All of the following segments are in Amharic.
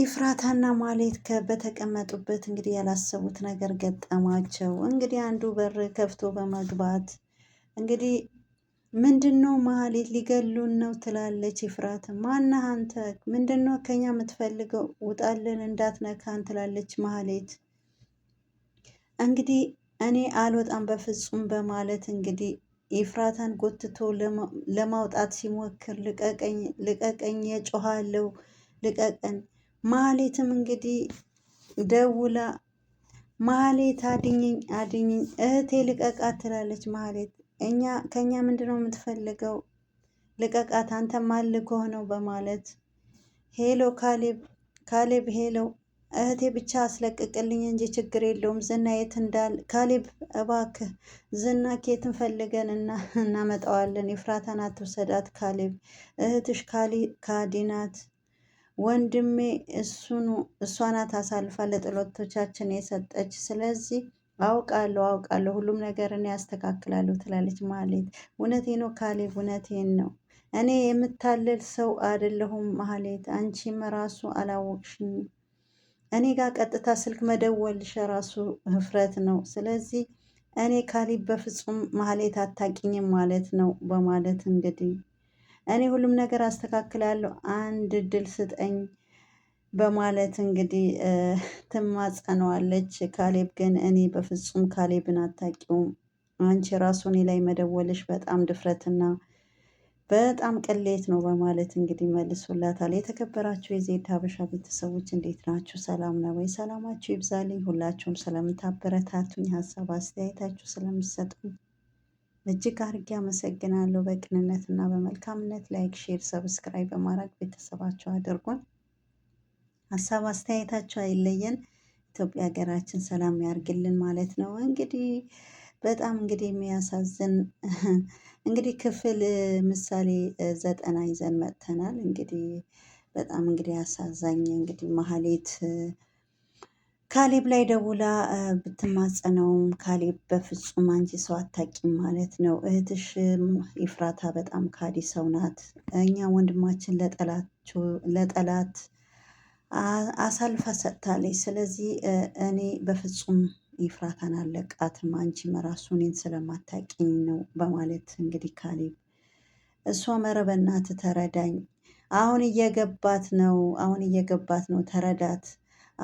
ኢፍራታና ማሌት በተቀመጡበት እንግዲህ ያላሰቡት ነገር ገጠማቸው። እንግዲህ አንዱ በር ከፍቶ በመግባት እንግዲህ ምንድን ነው ማሌት ሊገሉን ነው ትላለች። ይፍራት ማነህ አንተ? ምንድን ነው ከኛ የምትፈልገው? ውጣልን እንዳትነካን ትላለች ማሌት። እንግዲህ እኔ አልወጣም በፍጹም በማለት እንግዲህ ኢፍራታን ጎትቶ ለማውጣት ሲሞክር ልቀቀኝ፣ ልቀቀኝ፣ የጮኋለው ልቀቀን ማህሌትም እንግዲህ ደውላ ማህሌት አድኝኝ አድኝኝ እህቴ ልቀቃት ትላለች። ማህሌት እኛ ከእኛ ምንድነው የምትፈልገው? ልቀቃት አንተ ማልኮ ነው በማለት ሄሎ ካሌብ ካሌብ ሄሎ እህቴ ብቻ አስለቅቅልኝ እንጂ ችግር የለውም። ዝና የት እንዳል ካሌብ እባክህ ዝና ኬትን ፈልገን እናመጣዋለን። የፍራታን አትውሰዳት ካሌብ እህትሽ ካዲናት ወንድሜ እሱኑ እሷ አሳልፋ ለጥሎቶቻችን የሰጠች። ስለዚህ አውቃለሁ አውቃለሁ ሁሉም ነገር እኔ ያስተካክላለሁ ትላለች ማህሌት። እውነቴ ነው ካሌብ፣ እውነቴን ነው። እኔ የምታለል ሰው አይደለሁም ማህሌት፣ አንቺም ራሱ አላወቅሽኝ። እኔ ጋር ቀጥታ ስልክ መደወልሽ ራሱ ህፍረት ነው። ስለዚህ እኔ ካሌብ በፍጹም ማህሌት አታቂኝም ማለት ነው በማለት እንግዲህ እኔ ሁሉም ነገር አስተካክላለሁ አንድ እድል ስጠኝ በማለት እንግዲህ ትማጸነዋለች። ካሌብ ግን እኔ በፍጹም ካሌብን አታውቂውም አንቺ ራሱ እኔ ላይ መደወልሽ በጣም ድፍረትና በጣም ቅሌት ነው በማለት እንግዲህ መልሶላታል። የተከበራችሁ የዜድ ሀበሻ ቤተሰቦች እንዴት ናችሁ? ሰላም ነው ወይ? ሰላማችሁ ይብዛልኝ። ሁላችሁም ስለምታበረታቱኝ፣ ሀሳብ አስተያየታችሁ ስለምሰጡኝ እጅግ አድርጌ አመሰግናለሁ። በቅንነት እና በመልካምነት ላይክ፣ ሼር፣ ሰብስክራይብ በማድረግ ቤተሰባቸው አድርጎን ሀሳብ አስተያየታቸው አይለየን። ኢትዮጵያ ሀገራችን ሰላም ያርግልን ማለት ነው። እንግዲህ በጣም እንግዲህ የሚያሳዝን እንግዲህ ክፍል ምሳሌ ዘጠና ይዘን መጥተናል። እንግዲህ በጣም እንግዲህ አሳዛኝ እንግዲህ ማህሌት ካሌብ ላይ ደውላ ብትማጸነውም ካሌብ በፍጹም አንቺ ሰው አታቂም ማለት ነው፣ እህትሽ ይፍራታ በጣም ካዲ ሰው ናት። እኛ ወንድማችን ለጠላት አሳልፋ ሰጥታለች። ስለዚህ እኔ በፍጹም ይፍራታን አለቃትም፣ አንቺ ራሱ እኔን ስለማታቂኝ ነው በማለት እንግዲህ ካሌብ እሷ መረበናት ተረዳኝ አሁን እየገባት ነው አሁን እየገባት ነው ተረዳት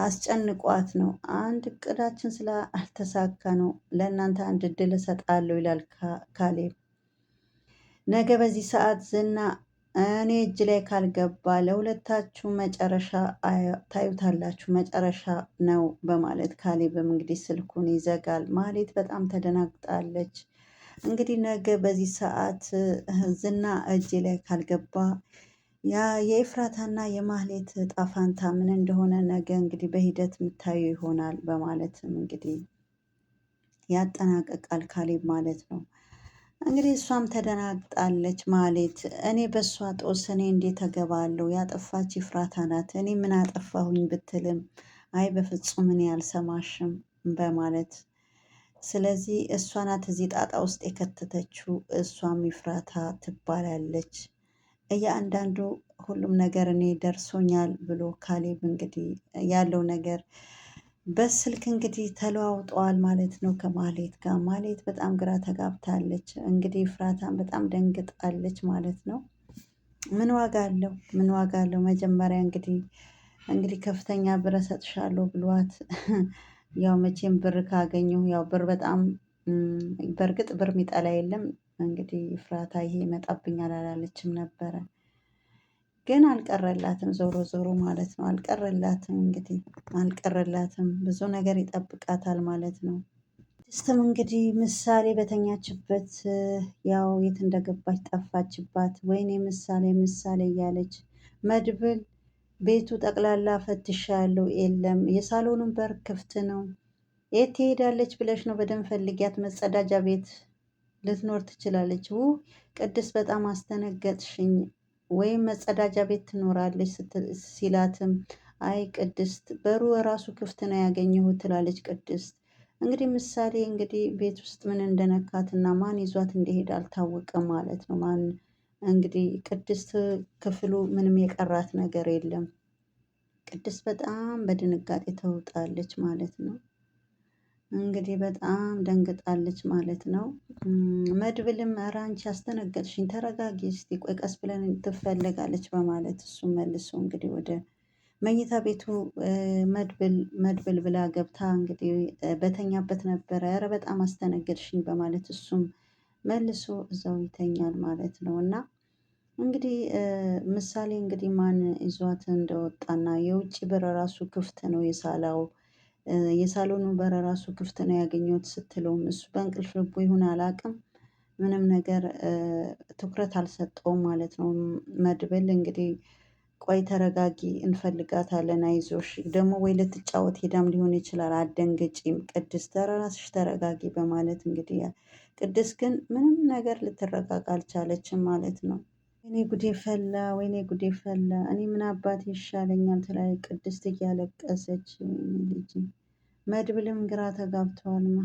አስጨንቋት ነው። አንድ እቅዳችን ስለ አልተሳካ ነው። ለእናንተ አንድ እድል እሰጣለሁ ይላል ካሌብ። ነገ በዚህ ሰዓት ዝና እኔ እጅ ላይ ካልገባ ለሁለታችሁ መጨረሻ ታዩታላችሁ፣ መጨረሻ ነው በማለት ካሌብም እንግዲህ ስልኩን ይዘጋል። ማሌት በጣም ተደናግጣለች። እንግዲህ ነገ በዚህ ሰዓት ዝና እጅ ላይ ካልገባ የኤፍራታና የማህሌት ዕጣ ፈንታ ምን እንደሆነ ነገ እንግዲህ በሂደት የምታዩ ይሆናል በማለትም እንግዲህ ያጠናቀቃል ካሌብ ማለት ነው። እንግዲህ እሷም ተደናግጣለች። ማህሌት እኔ በእሷ ጦስ እኔ እንዴት ተገባለሁ? ያጠፋች ኤፍራታ ናት። እኔ ምን አጠፋሁኝ ብትልም አይ በፍጹም እኔ አልሰማሽም በማለት ስለዚህ እሷ ናት እዚህ ጣጣ ውስጥ የከተተችው፣ እሷም ኤፍራታ ትባላለች እያንዳንዱ ሁሉም ነገር እኔ ደርሶኛል ብሎ ካሌብ እንግዲህ ያለው ነገር በስልክ እንግዲህ ተለዋውጠዋል ማለት ነው ከማሌት ጋር። ማሌት በጣም ግራ ተጋብታለች። እንግዲህ ፍራታን በጣም ደንግጣለች ማለት ነው። ምን ዋጋ አለው? ምን ዋጋ አለው? መጀመሪያ እንግዲህ እንግዲህ ከፍተኛ ብር እሰጥሻለሁ ብሏት ያው መቼም ብር ካገኘሁ ያው ብር በጣም በእርግጥ ብር የሚጠላ የለም እንግዲህ ኤፍራታ ይሄ ይመጣብኛል አላለችም ነበረ፣ ግን አልቀረላትም። ዞሮ ዞሮ ማለት ነው አልቀረላትም። እንግዲህ አልቀረላትም፣ ብዙ ነገር ይጠብቃታል ማለት ነው። ትዕግስትም እንግዲህ ምሳሌ በተኛችበት ያው የት እንደገባች ጠፋችባት። ወይኔ ምሳሌ ምሳሌ እያለች መድብል ቤቱ ጠቅላላ ያለው የለም የሳሎኑን በር ክፍት ነው። የት ትሄዳለች ብለሽ ነው? በደንብ ፈልጊያት መጸዳጃ ቤት ልትኖር ትችላለች። ው ቅድስት በጣም አስተነገጥሽኝ፣ ወይም መጸዳጃ ቤት ትኖራለች ሲላትም አይ ቅድስት በሩ ራሱ ክፍት ነው ያገኘሁ ትላለች። ቅድስት እንግዲህ ምሳሌ እንግዲህ ቤት ውስጥ ምን እንደነካትና ማን ይዟት እንደሄድ አልታወቀም ማለት ነው። ማን እንግዲህ ቅድስት ክፍሉ ምንም የቀራት ነገር የለም። ቅድስት በጣም በድንጋጤ ተውጣለች ማለት ነው። እንግዲህ በጣም ደንግጣለች ማለት ነው። መድብልም ኧረ አንቺ አስደነገጥሽኝ ተረጋጊ እስቲ ቆይ ቀስ ብለን ትፈለጋለች በማለት እሱም መልሶ እንግዲህ ወደ መኝታ ቤቱ መድብል መድብል ብላ ገብታ እንግዲህ በተኛበት ነበረ። ኧረ በጣም አስደነገጥሽኝ በማለት እሱም መልሶ እዛው ይተኛል ማለት ነው እና እንግዲህ ምሳሌ እንግዲህ ማን ይዟት እንደወጣና የውጭ በር ራሱ ክፍት ነው የሳላው የሳሎኑ በር ራሱ ክፍት ነው ያገኘሁት ስትለውም እሱ በእንቅልፍ ልቡ ይሁን አላውቅም ምንም ነገር ትኩረት አልሰጠውም ማለት ነው። መድብል እንግዲህ ቆይ ተረጋጊ፣ እንፈልጋታለን፣ አይዞሽ ደግሞ ወይ ልትጫወት ሄዳም ሊሆን ይችላል፣ አደንግጪም ቅድስ ተራራስሽ ተረጋጊ በማለት እንግዲህ ቅድስ ግን ምንም ነገር ልትረጋጋ አልቻለችም ማለት ነው። ወይኔ ጉዴ ፈላ፣ ወይኔ ጉዴ ፈላ፣ እኔ ምን አባት ይሻለኛል ትላይ ቅድስት እያለቀሰች ልጅ መድብልም ግራ ተጋብተዋልማ።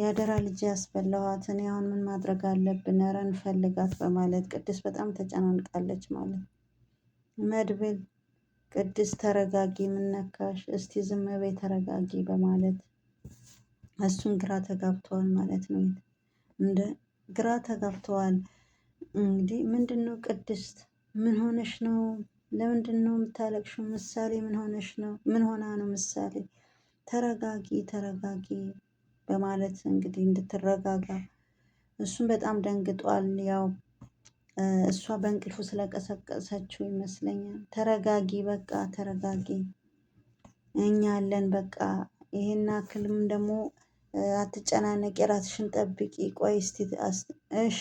የአደራ ልጅ ያስበላኋት፣ እኔ አሁን ምን ማድረግ አለብን? ኧረ እንፈልጋት በማለት ቅድስት በጣም ተጨናንቃለች ማለት መድብል ቅድስት ተረጋጊ፣ ምነካሽ? እስቲ ዝም በይ ተረጋጊ በማለት እሱን ግራ ተጋብተዋል ማለት ነው። እንደ ግራ ተጋብተዋል እንግዲህ ምንድን ነው ቅድስት ምን ሆነሽ ነው? ለምንድን ነው የምታለቅሽው? ምሳሌ ምን ሆነሽ ነው? ምን ሆና ነው ምሳሌ? ተረጋጊ ተረጋጊ በማለት እንግዲህ እንድትረጋጋ እሱም በጣም ደንግጧል። ያው እሷ በእንቅልፉ ስለቀሰቀሰችው ይመስለኛል። ተረጋጊ በቃ ተረጋጊ፣ እኛ አለን በቃ ይሄን አክልም ደግሞ አትጨናነቂ ራስሽን ጠብቂ። ቆይ እስቲ እሺ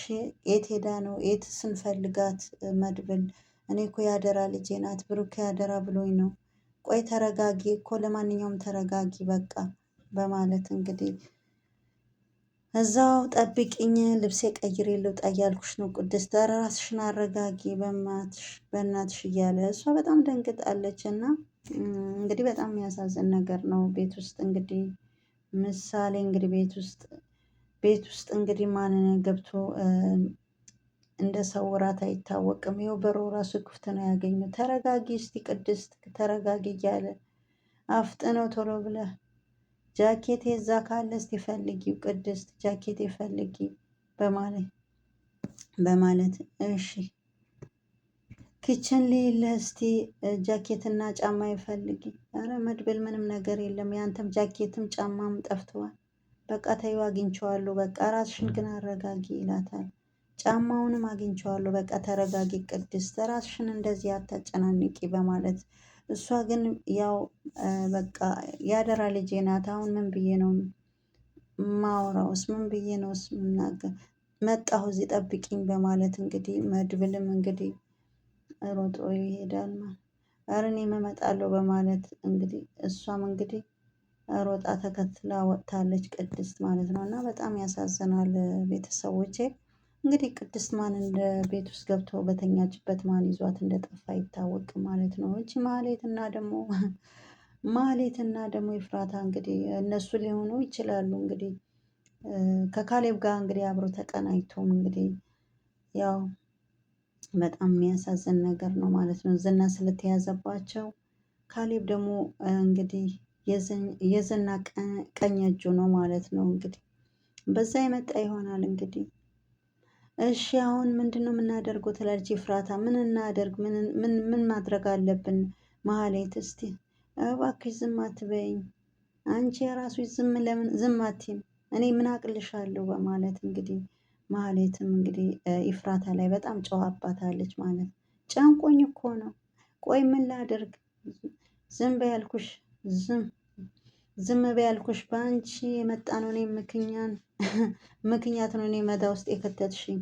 የት ሄዳ ነው የት ስንፈልጋት? መድብል እኔ እኮ ያደራ ልጄ ናት ብሩክ ያደራ ብሎኝ ነው። ቆይ ተረጋጊ እኮ ለማንኛውም ተረጋጊ በቃ በማለት እንግዲህ እዛው ጠብቂኝ ልብሴ ቀይሬ ልውጣ እያልኩሽ ነው ቅድስት፣ ኧረ ራስሽን አረጋጊ በእናትሽ እያለ እሷ በጣም ደንግጣለች። እና እንግዲህ በጣም የሚያሳዝን ነገር ነው ቤት ውስጥ እንግዲህ ምሳሌ እንግዲህ ቤት ውስጥ ቤት ውስጥ እንግዲህ ማንን ገብቶ እንደ ሰው እራት አይታወቅም። ይኸው በሮ ራሱ ክፍት ነው ያገኘው። ተረጋጊ እስቲ ቅድስት ተረጋጊ እያለ አፍጥነው ቶሎ ብለህ ጃኬት የዛ ካለ እስቲ ፈልጊው ቅድስት ጃኬት ፈልጊ በማለት በማለት እሺ ኪችን ሌለ እስቲ ጃኬትና ጫማ ይፈልጊ። አረ መድብል ምንም ነገር የለም ያንተም ጃኬትም ጫማም ጠፍተዋል። በቃ ተዩ አግኝቼዋለሁ። በቃ ራስሽን ግን አረጋጊ ይላታል። ጫማውንም አግኝቼዋለሁ። በቃ ተረጋጊ ቅድስት፣ ራስሽን እንደዚህ አታጨናንቂ በማለት እሷ ግን ያው በቃ ያደራ ልጄ ናት። አሁን ምን ብዬ ነው ማውራውስ? ምን ብዬ ነውስ ምናገር? መጣሁ እዚህ ጠብቂኝ በማለት እንግዲህ መድብልም እንግዲህ ሮጦ ይሄዳል። ኧረ እኔም እመጣለሁ በማለት እንግዲህ እሷም እንግዲህ ሮጣ ተከትላ ወጥታለች ቅድስት ማለት ነው። እና በጣም ያሳዝናል። ቤተሰቦቼ እንግዲህ ቅድስት ማን እንደ ቤት ውስጥ ገብቶ በተኛችበት ማን ይዟት እንደጠፋ ይታወቅ ማለት ነው። እቺ ማሌት እና ደግሞ ማሌት እና ደግሞ ይፍራታ እንግዲህ እነሱ ሊሆኑ ይችላሉ እንግዲህ ከካሌብ ጋር እንግዲህ አብሮ ተቀናጅቶም እንግዲህ ያው በጣም የሚያሳዝን ነገር ነው ማለት ነው። ዝና ስለተያዘባቸው ካሌብ ደግሞ እንግዲህ የዝና ቀኝ እጁ ነው ማለት ነው። እንግዲህ በዛ የመጣ ይሆናል እንግዲህ እሺ አሁን ምንድን ነው የምናደርገው? ትላለች ኤፍራታ። ምን እናደርግ? ምን ማድረግ አለብን? መሀሌት እስቲ እባክሽ ዝም አትበይኝ፣ አንቺ የራሱ ዝም ለምን ዝም አትይም? እኔ ምን አቅልሻለሁ? በማለት እንግዲህ ማህሌትም እንግዲህ ኢፍራታ ላይ በጣም ጨዋ አባታለች ማለት ጨንቆኝ እኮ ነው። ቆይ ምን ላድርግ? ዝም በያልኩሽ ዝም ዝም በያልኩሽ በአንቺ የመጣ ነው። እኔ ምክኛን ምክንያት ነው እኔ መዳ ውስጥ የከተትሽኝ።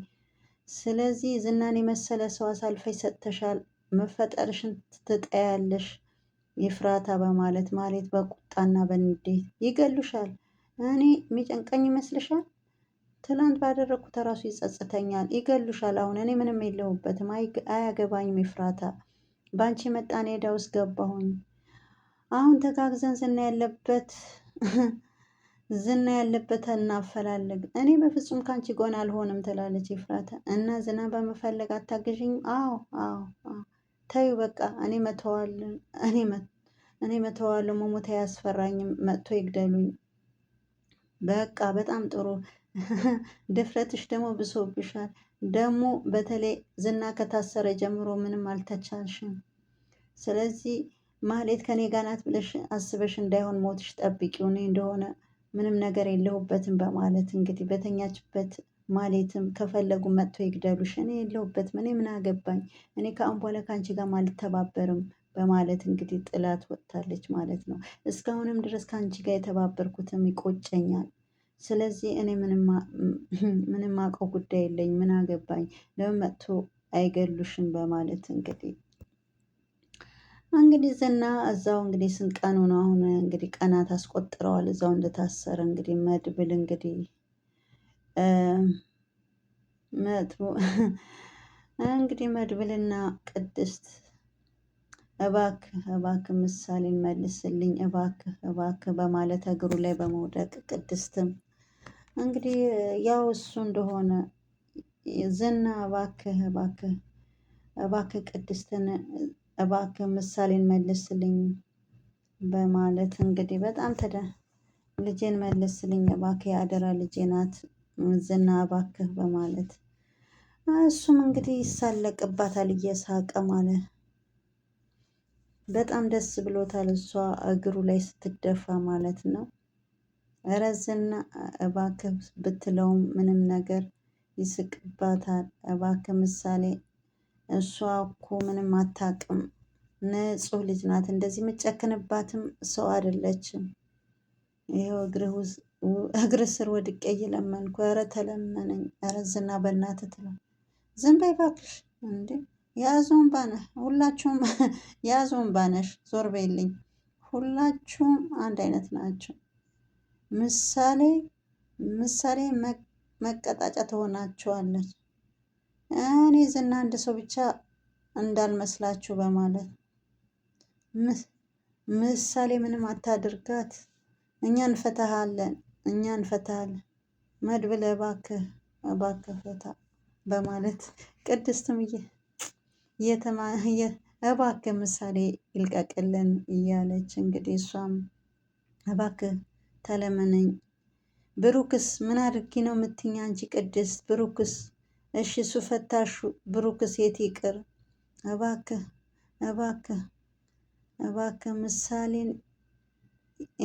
ስለዚህ ዝናን የመሰለ ሰው አሳልፈሽ ሰጥተሻል። መፈጠርሽን ትጠያለሽ ይፍራታ በማለት ማለት በቁጣና በንዴት ይገሉሻል። እኔ የሚጨንቀኝ ይመስልሻል? ትናንት ባደረግኩት ራሱ ይጸጽተኛል። ይገሉሻል። አሁን እኔ ምንም የለሁበትም፣ አያገባኝም። ይፍራታ በአንቺ መጣን ሄዳ ውስጥ ገባሁኝ። አሁን ተጋግዘን ዝና ያለበት ዝና ያለበት እናፈላልግ። እኔ በፍጹም ካንቺ ጎን አልሆንም ትላለች ይፍራታ። እና ዝና በመፈለግ አታግዥኝ? አዎ አዎ ተዩ በቃ እኔ መተዋለን እኔ እኔ መተዋለሁ። መሞት አያስፈራኝም። መጥቶ ይግደሉኝ። በቃ በጣም ጥሩ ድፍረትሽ ደግሞ ብሶብሻል። ደግሞ በተለይ ዝና ከታሰረ ጀምሮ ምንም አልተቻልሽም። ስለዚህ ማህሌት ከኔ ጋር ናት ብለሽ አስበሽ እንዳይሆን ሞትሽ ጠብቂው፣ እኔ እንደሆነ ምንም ነገር የለሁበትም በማለት እንግዲህ በተኛችበት ማሌትም ከፈለጉ መጥቶ ይግደሉሽ፣ እኔ የለሁበትም፣ እኔ ምን አገባኝ፣ እኔ ከአሁን በኋላ ከአንቺ ጋር አልተባበርም በማለት እንግዲህ ጥላት ወጥታለች ማለት ነው። እስካሁንም ድረስ ከአንቺ ጋር የተባበርኩትም ይቆጨኛል ስለዚህ እኔ ምንም አውቀው ጉዳይ የለኝ፣ ምን አገባኝ፣ ለምን መጥቶ አይገሉሽም በማለት እንግዲህ እንግዲህ ዝና እዛው እንግዲህ ስንት ቀኑ ነው አሁን እንግዲህ ቀናት አስቆጥረዋል እዛው እንደታሰረ እንግዲህ መድብል እንግዲህ መጥቡ እንግዲህ መድብልና ቅድስት እባክህ እባክህ ምሳሌን መልስልኝ እባክህ እባክህ በማለት እግሩ ላይ በመውደቅ ቅድስትም እንግዲህ ያው እሱ እንደሆነ ዝና እባክህ እባክህ እባክህ ቅድስትን እባክህ ምሳሌን መልስልኝ በማለት እንግዲህ በጣም ተደ ልጄን መልስልኝ እባክህ የአደራ ልጄ ናት ዝና እባክህ በማለት እሱም እንግዲህ ይሳለቅባታል እየሳቀ ማለት በጣም ደስ ብሎታል እሷ እግሩ ላይ ስትደፋ ማለት ነው። እረ እባክህ ብትለውም ምንም ነገር ይስቅባታል። እባክህ ምሳሌ እሷ እኮ ምንም አታውቅም። ንጹህ ልጅ ናት። እንደዚህ የምጨክንባትም ሰው አይደለችም። ይኸው እግር ስር ወድቄ እየለመንኩ ኧረ ተለመነኝ ኧረ ዝና በእናትህ ትለው ዝም በይ እባክሽ እንዴ የአዞን ባነህ ሁላችሁም የአዞን ባነሽ ዞር በይልኝ ሁላችሁም አንድ አይነት ናቸው ምሳሌ ምሳሌ መቀጣጫ ትሆናችኋለች። እኔ ዝና አንድ ሰው ብቻ እንዳልመስላችሁ በማለት ምሳሌ ምንም አታድርጋት፣ እኛ እንፈታሃለን፣ እኛ እንፈታሃለን፣ መድብል እባክህ እባክህ ፈታ በማለት ቅድስትም እባክህ ምሳሌ ይልቀቅልን እያለች እንግዲህ እሷም እባክህ ተለመነኝ። ብሩክስ ምን አድርጊ ነው የምትኛ አንቺ ቅድስት? ብሩክስ እሺ እሱ ፈታሹ ብሩክስ የት ይቅር። እባክህ እባክህ እባክህ ምሳሌን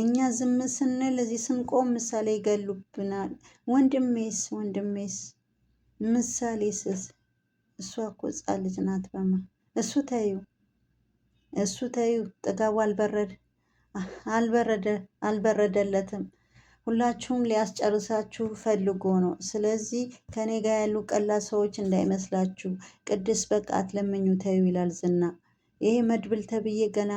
እኛ ዝም ስንል እዚህ ስንቆም ምሳሌ ይገሉብናል። ወንድሜስ ወንድሜስ ምሳሌ ስስ እሷ እኮ ሕፃን ልጅ ናት። በማ እሱ ተዩ እሱ ተዩ ጥጋቡ አልበረድ አልበረደ አልበረደለትም። ሁላችሁም ሊያስጨርሳችሁ ፈልጎ ነው። ስለዚህ ከኔ ጋር ያሉ ቀላ ሰዎች እንዳይመስላችሁ። ቅድስት በቃ አትለምኙ ተዩ ይላል ዝና። ይሄ መድብል ተብዬ ገና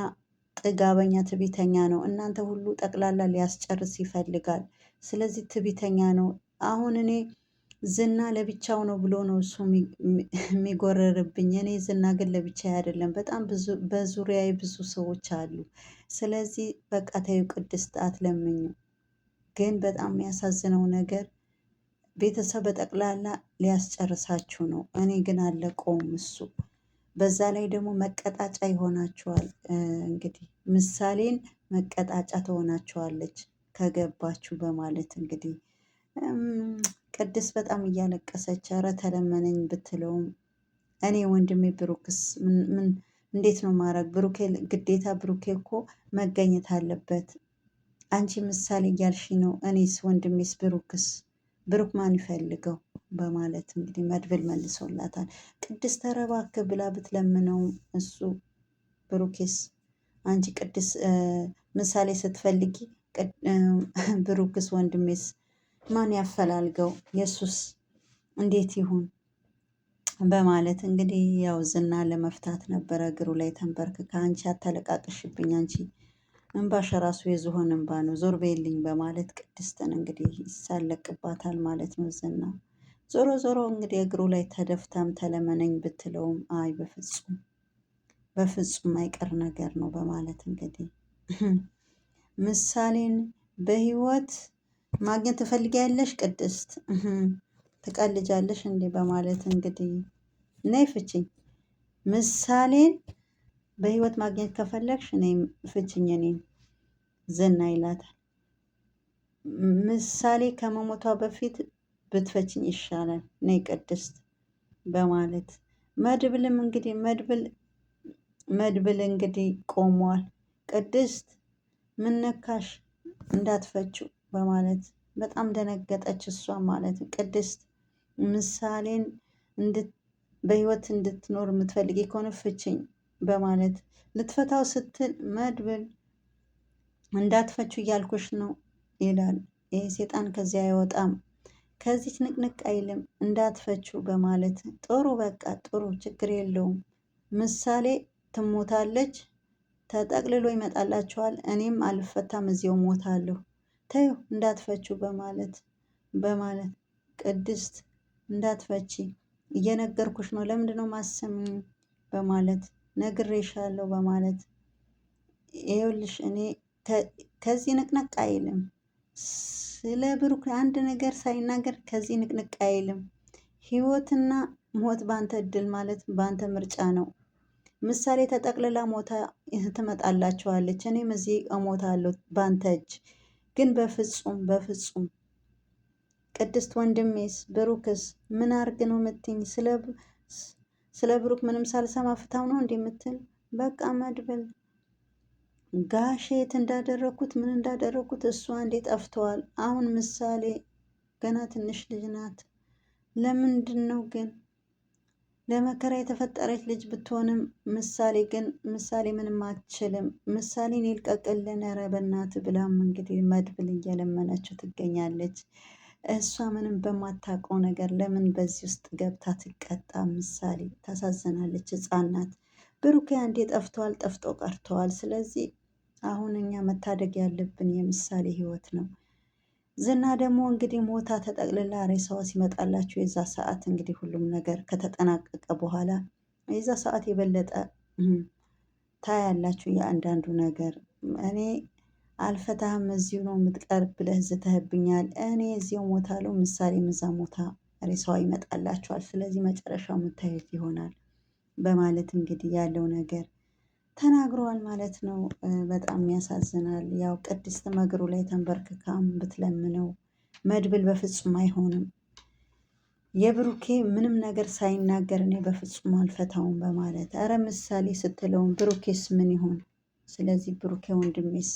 ጥጋበኛ ትቢተኛ ነው። እናንተ ሁሉ ጠቅላላ ሊያስጨርስ ይፈልጋል። ስለዚህ ትቢተኛ ነው። አሁን እኔ ዝና ለብቻው ነው ብሎ ነው እሱ የሚጎረርብኝ። እኔ ዝና ግን ለብቻ አይደለም፣ በጣም ብዙ ብዙ ሰዎች አሉ። ስለዚህ በቃ ቅድስ ቅድስት አትለምኙ። ግን በጣም የሚያሳዝነው ነገር ቤተሰብ በጠቅላላ ሊያስጨርሳችሁ ነው። እኔ ግን አለቀውም እሱ። በዛ ላይ ደግሞ መቀጣጫ ይሆናችኋል። እንግዲህ ምሳሌን መቀጣጫ ትሆናችኋለች ከገባችሁ በማለት እንግዲህ ቅድስት በጣም እያለቀሰች ኧረ ተለመነኝ ብትለውም እኔ ወንድሜ ብሩክስ ምን እንዴት ነው ማድረግ? ብሩኬ ግዴታ ብሩኬ እኮ መገኘት አለበት። አንቺ ምሳሌ እያልሽ ነው። እኔስ ወንድሜስ ብሩክስ ብሩክ ማን ይፈልገው? በማለት እንግዲህ መድብል መልሶላታል። ቅድስት ተረባክ ብላ ብትለምነው እሱ ብሩኬስ አንቺ ቅድስ ምሳሌ ስትፈልጊ ብሩክስ ወንድሜስ ማን ያፈላልገው የሱስ እንዴት ይሁን በማለት እንግዲህ ያው ዝና ለመፍታት ነበረ እግሩ ላይ ተንበርክካ አንቺ አታለቃቅሽብኝ፣ አንቺ እንባሽ ራሱ የዝሆን እንባ ነው፣ ዞር በይልኝ በማለት ቅድስትን እንግዲህ ይሳለቅባታል ማለት ነው ዝና። ዞሮ ዞሮ እንግዲህ እግሩ ላይ ተደፍታም ተለመነኝ ብትለውም አይ በፍጹም በፍጹም አይቀር ነገር ነው በማለት እንግዲህ ምሳሌን በህይወት ማግኘት ትፈልጊያለሽ ቅድስት ትቀልጃለሽ እንዴ? በማለት እንግዲህ ነይ ፍችኝ ምሳሌን በህይወት ማግኘት ከፈለግሽ እኔ ፍችኝ እኔን ዝና ይላታል። ምሳሌ ከመሞቷ በፊት ብትፈችኝ ይሻላል ነይ ቅድስት በማለት መድብልም እንግዲህ መድብል መድብል እንግዲህ ቆሟል። ቅድስት ምነካሽ እንዳትፈችው በማለት በጣም ደነገጠች። እሷ ማለት ቅድስት ምሳሌን በህይወት እንድትኖር የምትፈልግ ከሆነ ፍችኝ በማለት ልትፈታው ስትል መድብል እንዳትፈቹ እያልኩሽ ነው ይላል። ይህ ሴጣን ከዚህ አይወጣም፣ ከዚች ንቅንቅ አይልም እንዳትፈቹ በማለት ጥሩ በቃ ጥሩ ችግር የለውም ምሳሌ ትሞታለች፣ ተጠቅልሎ ይመጣላችኋል፣ እኔም አልፈታም እዚያው ሞታለሁ ተይው እንዳትፈቹ በማለት በማለት ቅድስት እንዳትፈቺ እየነገርኩሽ ነው ለምንድነው ማሰሚኝ በማለት ነግሬሻለሁ በማለት ይኸውልሽ እኔ ከዚህ ንቅንቅ አይልም ስለ ብሩክ አንድ ነገር ሳይናገር ከዚህ ንቅንቅ አይልም። ህይወትና ሞት ባንተ እድል ማለት ባንተ ምርጫ ነው። ምሳሌ ተጠቅልላ ሞታ ትመጣላችኋለች። እኔም እዚህ እሞታለሁ ባንተ እጅ ግን በፍጹም በፍጹም ቅድስት ወንድሜስ ብሩክስ ምን አርግ ነው የምትኝ? ስለ ብሩክ ምንም ሳልሰማ ፍታው ነው እንዲህ የምትል በቃ መድብል ጋሼ የት እንዳደረግኩት ምን እንዳደረግኩት እሱ አንዴ ጠፍተዋል። አሁን ምሳሌ ገና ትንሽ ልጅ ናት። ለምንድን ነው ግን ለመከራ የተፈጠረች ልጅ ብትሆንም ምሳሌ ግን ምሳሌ ምንም አትችልም። ምሳሌን ይልቀቅልን ኧረ በእናትህ ብላም እንግዲህ መድብል እየለመነችው ትገኛለች። እሷ ምንም በማታውቀው ነገር ለምን በዚህ ውስጥ ገብታ ትቀጣ? ምሳሌ ታሳዝናለች። ሕፃን ናት። ብሩኬ አንዴ ጠፍተዋል፣ ጠፍቶ ቀርተዋል። ስለዚህ አሁን እኛ መታደግ ያለብን የምሳሌ ህይወት ነው። ዝና ደግሞ እንግዲህ ሞታ ተጠቅልላ ሬሳዋ ሲመጣላቸው የዛ ሰዓት እንግዲህ ሁሉም ነገር ከተጠናቀቀ በኋላ የዛ ሰዓት የበለጠ ታያላችሁ የአንዳንዱ ነገር። እኔ አልፈታህም እዚሁ ነው የምትቀርብ ብለህ ዝተህብኛል። እኔ እዚሁ ሞታለሁ። ምሳሌ ምዛ ሞታ ሬሳዋ ይመጣላችኋል። ስለዚህ መጨረሻው የምታዩት ይሆናል በማለት እንግዲህ ያለው ነገር ተናግረዋል ማለት ነው። በጣም ያሳዝናል። ያው ቅድስት እግሩ ላይ ተንበርክካም ብትለምነው መድብል በፍጹም አይሆንም የብሩኬ ምንም ነገር ሳይናገር እኔ በፍጹም አልፈታውም በማለት አረ ምሳሌ ስትለውም ብሩኬስ ምን ይሆን? ስለዚህ ብሩኬ ወንድሜስ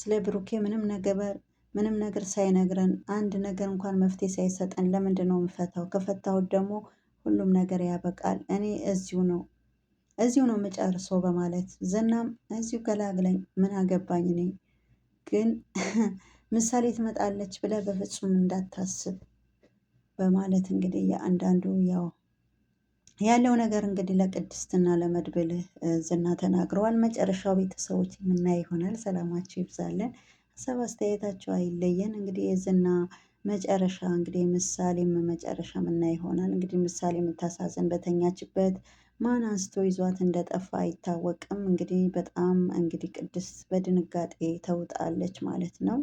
ስለ ብሩኬ ምንም ነገር ምንም ነገር ሳይነግረን አንድ ነገር እንኳን መፍትሄ ሳይሰጠን ለምንድን ነው የምፈታው? ከፈታሁት ደግሞ ሁሉም ነገር ያበቃል። እኔ እዚሁ ነው እዚሁ ነው የምጨርሰው በማለት ዝናም እዚሁ ገላግለኝ ምን አገባኝ እኔ ግን ምሳሌ ትመጣለች ብለህ በፍጹም እንዳታስብ በማለት እንግዲህ የአንዳንዱ ያው ያለው ነገር እንግዲህ ለቅድስትና ለመድብል ዝና ተናግረዋል። መጨረሻው ቤተሰቦች የምናይ ይሆናል። ሰላማችሁ ይብዛለን። ሀሳብ አይለየን። እንግዲህ የዝና መጨረሻ እንግዲህ ምሳሌም መጨረሻ ምና ይሆናል። እንግዲህ ምሳሌ የምታሳዝን በተኛችበት ማን አንስቶ ይዟት እንደጠፋ አይታወቅም። እንግዲህ በጣም እንግዲህ ቅድስት በድንጋጤ ተውጣለች ማለት ነው።